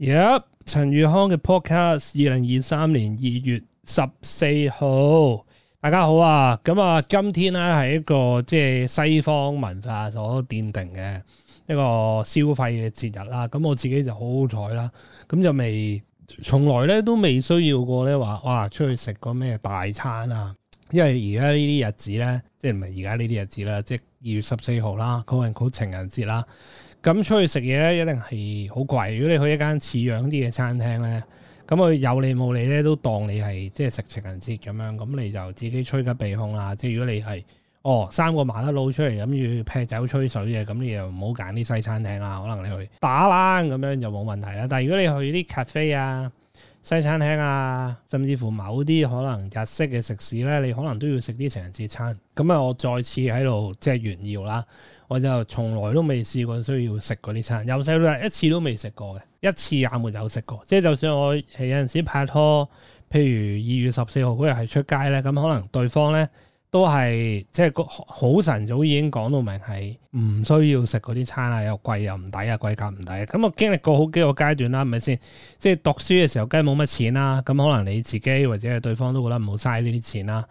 Yep，陳宇康嘅 podcast，二零二三年二月十四號，大家好啊，咁啊，今天咧係一個即係西方文化所奠定嘅一個消費嘅節日啦，咁我自己就好好彩啦，咁就未從來咧都未需要過咧話哇出去食個咩大餐啊，因為而家呢啲日子咧，即係唔係而家呢啲日子啦，即係。二月十四號啦，個人好情人節啦，咁出去食嘢咧一定係好貴。如果你去一間似樣啲嘅餐廳咧，咁佢有理冇理咧都當你係即係食情人節咁樣，咁你就自己吹吉鼻孔啦。即係如果你係哦三個麻甩佬出嚟諗住劈酒吹水嘅，咁你又唔好揀啲西餐廳啦。可能你去打冷咁樣就冇問題啦。但係如果你去啲 cafe 啊～西餐廳啊，甚至乎某啲可能日式嘅食肆咧，你可能都要食啲情人節餐。咁啊，我再次喺度即係炫耀啦，我就從來都未試過需要食嗰啲餐，由細到大一次都未食過嘅，一次也沒有食過。即係就算我係有陣時拍拖，譬如二月十四號嗰日係出街咧，咁可能對方咧。都係即係個好，好晨早已經講到明係唔需要食嗰啲餐啊，又貴又唔抵啊，貴價唔抵。咁我經歷過好幾個階段啦，係咪先？即係讀書嘅時候，梗係冇乜錢啦。咁可能你自己或者係對方都覺得唔好嘥呢啲錢啦。誒、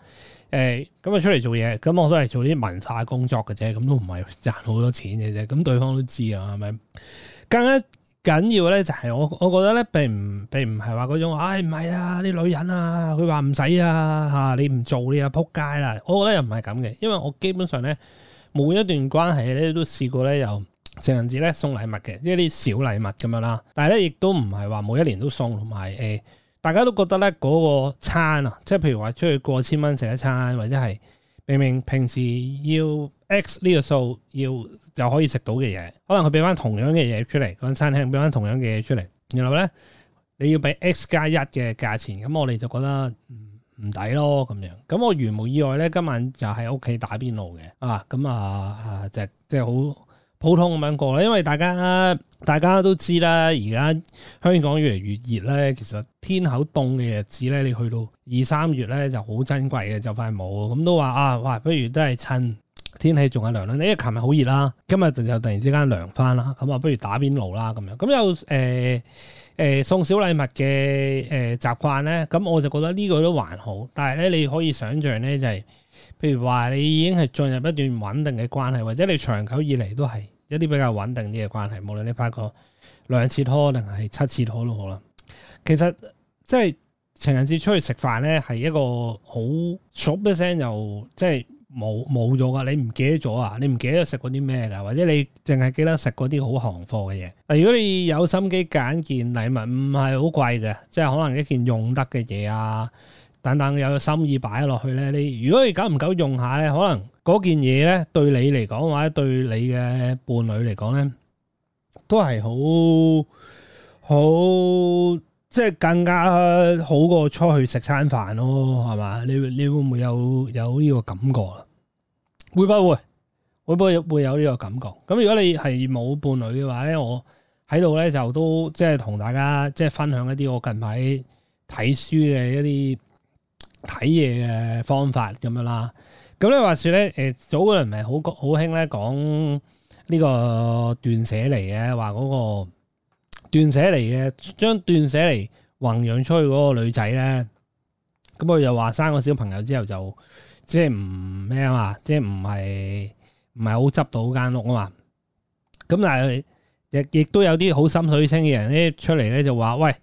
欸，咁啊出嚟做嘢，咁我都係做啲文化工作嘅啫，咁都唔係賺好多錢嘅啫。咁對方都知啊，係咪？更加。緊要咧就係我，我覺得咧並唔並唔係話嗰種，唉唔係啊啲女人啊，佢話唔使啊吓，你唔做你啊撲街啦。我覺得又唔係咁嘅，因為我基本上咧每一段關係咧都試過咧有情人節咧送禮物嘅，即係啲小禮物咁樣啦。但係咧亦都唔係話每一年都送，同埋誒，大家都覺得咧嗰個餐啊，即係譬如話出去過千蚊食一餐或者係。明明平時要 X 呢個數要就可以食到嘅嘢，可能佢俾翻同樣嘅嘢出嚟，嗰間餐廳俾翻同樣嘅嘢出嚟，然後咧你要俾 X 加一嘅價錢，咁我哋就覺得唔抵、嗯、咯咁樣。咁我如無意外咧，今晚就喺屋企打邊爐嘅啊！咁啊啊，即即係好～、啊就係就係普通咁樣過啦，因為大家大家都知啦，而家香港越嚟越熱咧，其實天口凍嘅日子咧，你去到二三月咧就好珍貴嘅，就快冇，咁都話啊，哇，不如都係趁天氣仲係涼啦，因為琴日好熱啦，今日就突然之間涼翻啦，咁啊不如打邊爐啦咁樣，咁有誒誒、呃呃、送小禮物嘅誒習慣咧，咁、呃、我就覺得呢個都還好，但係咧你可以想象咧就係、是。譬如話，你已經係進入一段穩定嘅關係，或者你長久以嚟都係一啲比較穩定啲嘅關係，無論你拍過兩次拖定係七次拖都好啦。其實即係情人節出去食飯咧，係一個好熟嘅聲又即係冇冇咗噶，你唔記得咗啊？你唔記得食過啲咩噶？或者你淨係記得食過啲好行貨嘅嘢？嗱，如果你有心機揀件禮物，唔係好貴嘅，即係可能一件用得嘅嘢啊。等等有個心意擺落去咧，你如果你久唔久用下咧，可能嗰件嘢咧對你嚟講或者對你嘅伴侶嚟講咧，都係好好即係更加好過出去食餐飯咯，係嘛？你你會唔會有有呢個感覺啊？會不會會不會有呢個感覺？咁如果你係冇伴侶嘅話咧，我喺度咧就都即係同大家即係分享一啲我近排睇書嘅一啲。睇嘢嘅方法咁樣啦，咁咧話說咧，誒早嗰陣唔係好好興咧講呢個斷捨離嘅，話嗰個斷捨離嘅，將斷捨離弘揚出去嗰個女仔咧，咁佢又話生個小朋友之後就即係唔咩啊嘛，即係唔係唔係好執到間屋啊嘛，咁但係亦亦都有啲好心水清嘅人咧出嚟咧就話喂。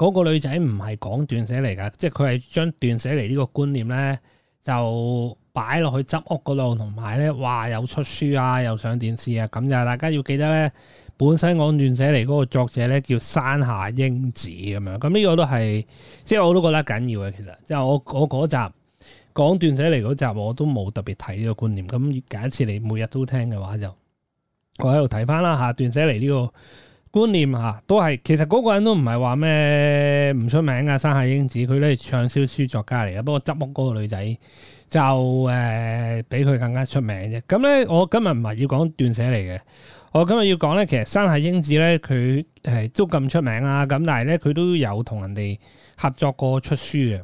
嗰個女仔唔係講斷捨離㗎，即係佢係將斷捨離呢個觀念咧，就擺落去執屋嗰度，同埋咧，哇有出書啊，有上電視啊，咁就大家要記得咧，本身講斷捨離嗰個作者咧叫山下英子咁樣，咁呢個都係，即係我都覺得緊要嘅，其實就，就我我嗰集講斷捨離嗰集我都冇特別睇呢個觀念，咁假設你每日都聽嘅話就，我喺度睇翻啦嚇，斷捨離呢個。觀念吓，都係，其實嗰個人都唔係話咩唔出名噶山下英子佢咧係暢銷書作家嚟嘅，不過執屋嗰個女仔就誒、呃、比佢更加出名啫。咁咧我今日唔係要講斷寫嚟嘅，我今日要講咧，其實山下英子咧佢係都咁出名啊，咁但係咧佢都有同人哋合作過出書嘅。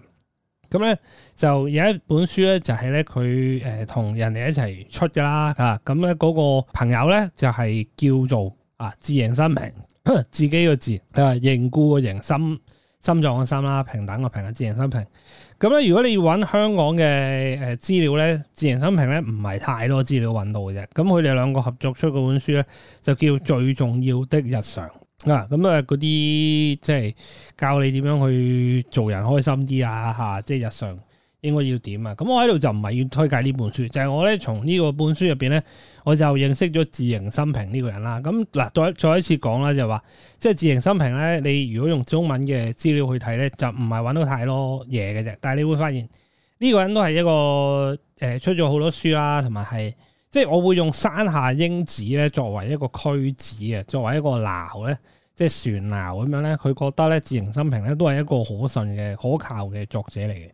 咁咧就有一本書咧就係咧佢誒同人哋一齊出嘅啦，吓，咁咧嗰個朋友咧就係、是、叫做。啊！自凝心平，自己個自，啊，凝固個凝心，心臟個心啦，平等個平啦，自凝心平。咁、嗯、咧，如果你要揾香港嘅誒資料咧，自凝心平咧唔係太多資料揾到嘅啫。咁佢哋兩個合作出嗰本書咧，就叫最重要的日常啊。咁啊，嗰、嗯、啲、嗯、即係教你點樣去做人開心啲啊，吓，即係日常。應該要點啊？咁我喺度就唔係要推介呢本書，就係、是、我咧從呢個本書入邊咧，我就認識咗自形心平呢個人啦。咁嗱，再再一次講啦，就話即係自形心平咧，你如果用中文嘅資料去睇咧，就唔係揾到太多嘢嘅啫。但係你會發現呢、這個人都係一個誒、呃、出咗好多書啦、啊，同埋係即係我會用山下英子咧作為一個區子嘅，作為一個錨咧，即係船錨咁樣咧，佢覺得咧自形心平咧都係一個可信嘅可靠嘅作者嚟嘅。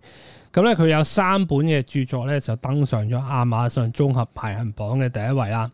咁咧，佢有三本嘅著作咧就登上咗亞馬遜綜合排行榜嘅第一位啦。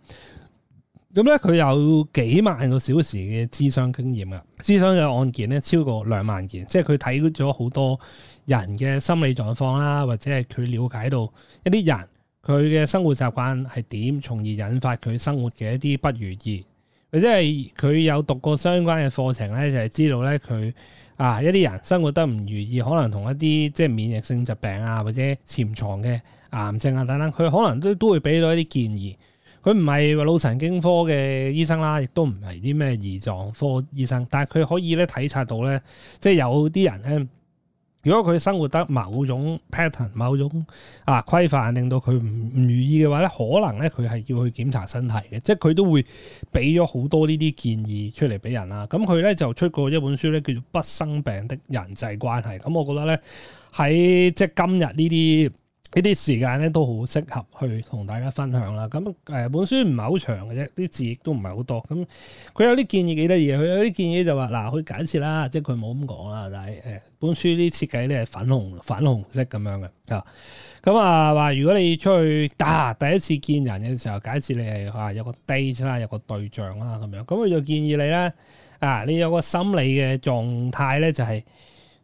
咁咧，佢有幾萬個小時嘅諮商經驗啊，諮商嘅案件咧超過兩萬件，即係佢睇咗好多人嘅心理狀況啦，或者係佢了解到一啲人佢嘅生活習慣係點，從而引發佢生活嘅一啲不如意，或者係佢有讀過相關嘅課程咧，就係知道咧佢。啊！一啲人生活得唔如意，可能同一啲即係免疫性疾病啊，或者潛藏嘅癌症啊等等，佢可能都都會俾到一啲建議。佢唔係腦神經科嘅醫生啦，啊，亦都唔係啲咩胰臟科醫生，但係佢可以咧體察到咧，即係有啲人咧。如果佢生活得某種 pattern、某種啊規範，令到佢唔唔如意嘅話，咧，可能咧佢係要去檢查身體嘅，即係佢都會俾咗好多呢啲建議出嚟俾人啦。咁佢咧就出過一本書，咧，叫做《不生病的人際關係》。咁、嗯、我覺得咧喺即係今日呢啲。呢啲時間咧都好適合去同大家分享啦。咁誒本書唔係好長嘅啫，啲字亦都唔係好多。咁佢有啲建議幾得意嘅。佢有啲建議就話、是、嗱，佢假設啦，即係佢冇咁講啦，但係誒本書啲設計咧係粉紅粉紅色咁樣嘅啊。咁啊話如果你出去打第一次見人嘅時候，假設你係話有個 date 啦，有個對象啦咁樣，咁佢就建議你咧啊，你有個心理嘅狀態咧、就是，就係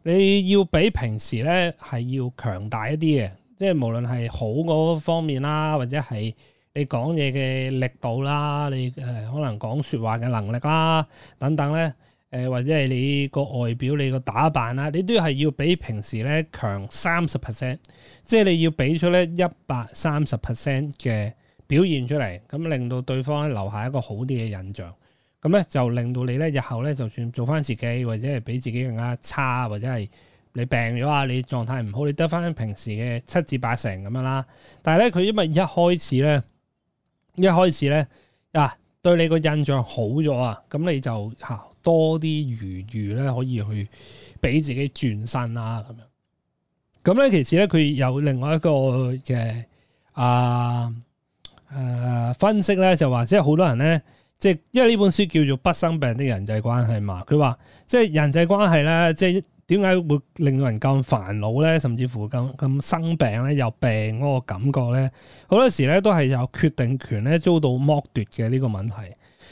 你要比平時咧係要強大一啲嘅。即係無論係好嗰方面啦，或者係你講嘢嘅力度啦，你誒可能講說話嘅能力啦，等等咧，誒或者係你個外表、你個打扮啦，你都係要比平時咧強三十 percent，即係你要俾出咧一百三十 percent 嘅表現出嚟，咁令到對方咧留下一個好啲嘅印象，咁咧就令到你咧日後咧就算做翻自己，或者係比自己更加差，或者係。你病咗啊！你狀態唔好，你得返平時嘅七至八成咁樣啦。但係咧，佢因為一開始咧，一開始咧啊，對你個印象好咗啊，咁你就吓多啲餘裕咧，可以去俾自己轉身啦、啊、咁樣。咁、嗯、咧，其實咧，佢有另外一個嘅啊誒、啊、分析咧，就話即係好多人咧，即係因為呢本書叫做不生病的人際關係嘛。佢話即係人際關係咧，即係。即點解會令到人咁煩惱呢？甚至乎咁咁生病呢，又病嗰個感覺呢，好多時咧都係有決定權咧遭到剝奪嘅呢個問題，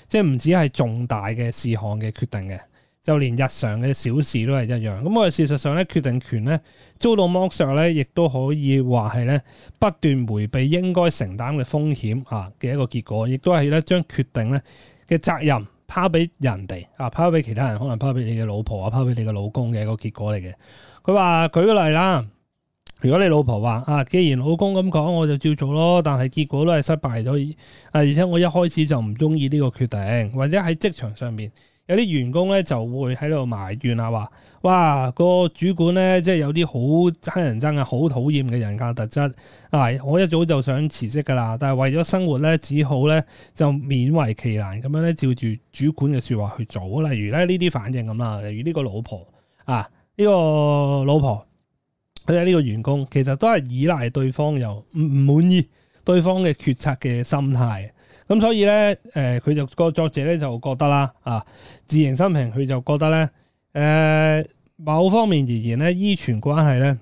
即係唔止係重大嘅事項嘅決定嘅，就連日常嘅小事都係一樣。咁我哋事實上咧，決定權咧遭到剝奪咧，亦都可以話係咧不斷回避應該承擔嘅風險啊嘅一個結果，亦都係咧將決定咧嘅責任。拋俾人哋啊，拋俾其他人，可能拋俾你嘅老婆啊，拋俾你嘅老公嘅一個結果嚟嘅。佢話，舉個例啦，如果你老婆話啊，既然老公咁講，我就照做咯，但係結果都係失敗咗啊，而且我一開始就唔中意呢個決定，或者喺職場上面。有啲員工咧就會喺度埋怨啊，話：哇，個主管咧即係有啲好乞人憎啊，好討厭嘅人格特質啊！我一早就想辭職㗎喇，但係為咗生活咧，只好咧就勉為其難咁樣咧照住主管嘅説話去做。例如咧呢啲反應咁啦，例如呢個老婆啊，呢個老婆，或者呢個員工，其實都係依賴對方又唔唔滿意對方嘅決策嘅心態。咁所以咧，誒佢就個作者咧就覺得啦，啊《自形心平》，佢就覺得咧，誒、呃、某方面而言咧，依存關係咧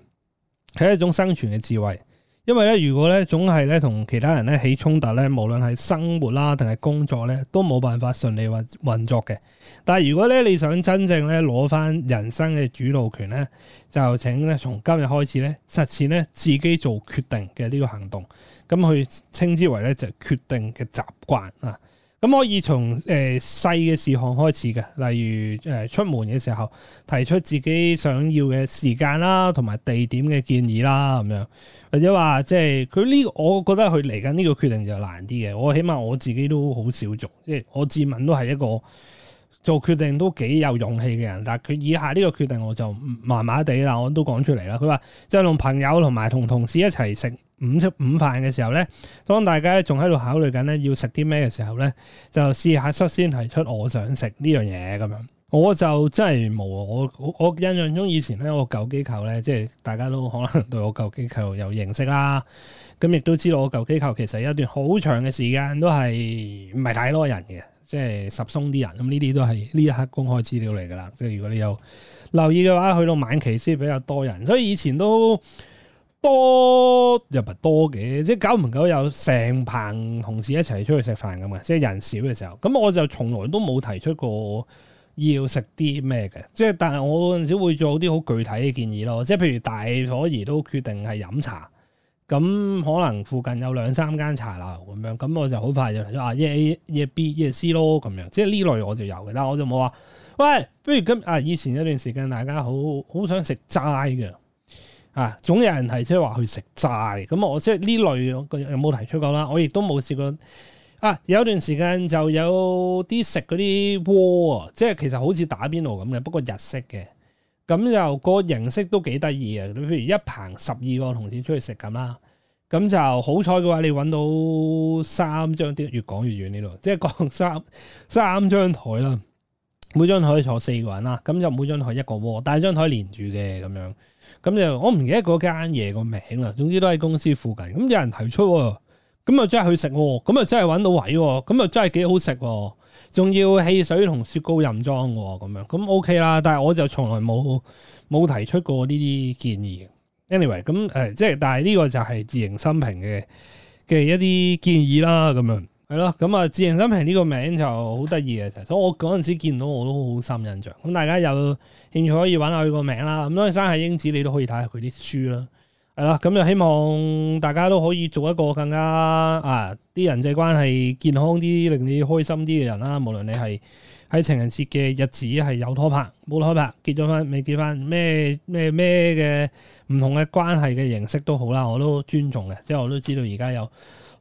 係一種生存嘅智慧，因為咧，如果咧總係咧同其他人咧起衝突咧，無論係生活啦定係工作咧，都冇辦法順利運運作嘅。但係如果咧你想真正咧攞翻人生嘅主導權咧，就請咧從今日開始咧實踐咧自己做決定嘅呢個行動。咁佢稱之為咧就決定嘅習慣啊，咁可以從誒、呃、細嘅事項開始嘅，例如誒、呃、出門嘅時候提出自己想要嘅時間啦，同埋地點嘅建議啦，咁樣或者話即係佢呢個，我覺得佢嚟緊呢個決定就難啲嘅，我起碼我自己都好少做，即係我自問都係一個。做決定都幾有勇氣嘅人，但係佢以下呢個決定我就麻麻地啦，我都講出嚟啦。佢話即係同朋友同埋同同事一齊食午食午飯嘅時候呢，當大家仲喺度考慮緊呢要食啲咩嘅時候呢，就試下率先提出我想食呢樣嘢咁樣。我就真係冇。我我印象中以前呢，我舊機構呢，即係大家都可能對我舊機構有認識啦，咁亦都知道，我舊機構其實一段好長嘅時間都係唔係太多人嘅。即係十鬆啲人，咁呢啲都係呢一刻公開資料嚟㗎啦。即係如果你有留意嘅話，去到晚期先比較多人，所以以前都多又唔係多嘅。即係久唔久有成棚同事一齊出去食飯㗎嘛。即係人少嘅時候，咁我就從來都冇提出過要食啲咩嘅。即係但係我嗰陣時會做啲好具體嘅建議咯。即係譬如大伙兒都決定係飲茶。咁可能附近有兩三間茶樓咁樣，咁我就好快就提出話，一、啊 yeah, yeah, yeah, A、一 B、呃、一 C 咯咁樣，即係呢類我就有嘅，但係我就冇話，喂，不如今啊，以前有段時間大家好好想食齋嘅，啊，總有人提出話去食齋，咁、啊啊、我即係呢類我有冇提出過啦？我亦都冇試過。啊，有段時間就有啲食嗰啲鍋啊，即係其實好似打邊爐咁嘅，不過日式嘅。咁就個形式都幾得意啊！譬如一棚十二個同事出去食咁啦，咁就好彩嘅話，你揾到三張啲越講越遠呢度，即係講三三張台啦。每張台坐四個人啦，咁就每張台一個鍋，但係張台連住嘅咁樣。咁就我唔記得嗰間嘢個名啦。總之都喺公司附近。咁有人提出啊，咁啊就真係去食，咁啊真係揾到位啊，咁啊真係幾好食。仲要汽水同雪糕任裝喎，咁樣咁 OK 啦。但係我就從來冇冇提出過呢啲建議嘅。Anyway，咁誒，即、呃、係但係呢個就係自形心平嘅嘅一啲建議啦。咁樣係咯。咁啊，自形心平呢個名就好得意嘅，所以我嗰陣時見到我都好深印象。咁大家有興趣可以揾下佢個名啦。咁當然，山下英子，你都可以睇下佢啲書啦。係啦，咁就、嗯、希望大家都可以做一個更加啊啲人際關係健康啲、令你開心啲嘅人啦。無論你係喺情人節嘅日子係有拖拍、冇拖拍、結咗婚、未結婚、咩咩咩嘅唔同嘅關係嘅形式都好啦，我都尊重嘅。即係我都知道而家有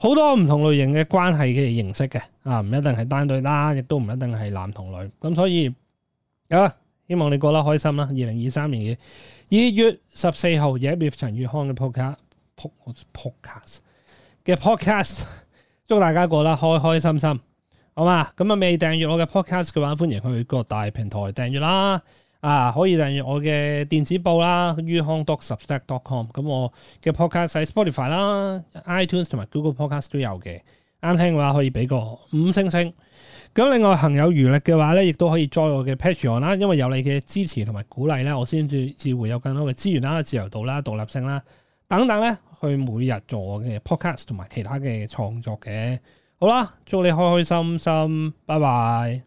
好多唔同類型嘅關係嘅形式嘅啊，唔一定係單對啦，亦都唔一定係男同女。咁、嗯、所以，好、啊、啦。希望你過得開心啦！二零二三年嘅二月十四號，亦係陳宇康嘅 podcast 嘅 podcast，祝大家過得開開心心，好嘛？咁啊未訂閱我嘅 podcast 嘅話，歡迎去各大平台訂閱啦。啊，可以訂閱我嘅電子報啦，宇康，uh、substack.com。咁我嘅 podcast 係 Spotify 啦，iTunes 同埋 Google Podcast 都有嘅。啱聽嘅話可以俾個五星星，咁另外行有餘力嘅話咧，亦都可以 join 我嘅 Patreon 啦，因為有你嘅支持同埋鼓勵咧，我先至至會有更多嘅資源啦、自由度啦、獨立性啦等等咧，去每日做我嘅 Podcast 同埋其他嘅創作嘅。好啦，祝你開開心心，拜拜。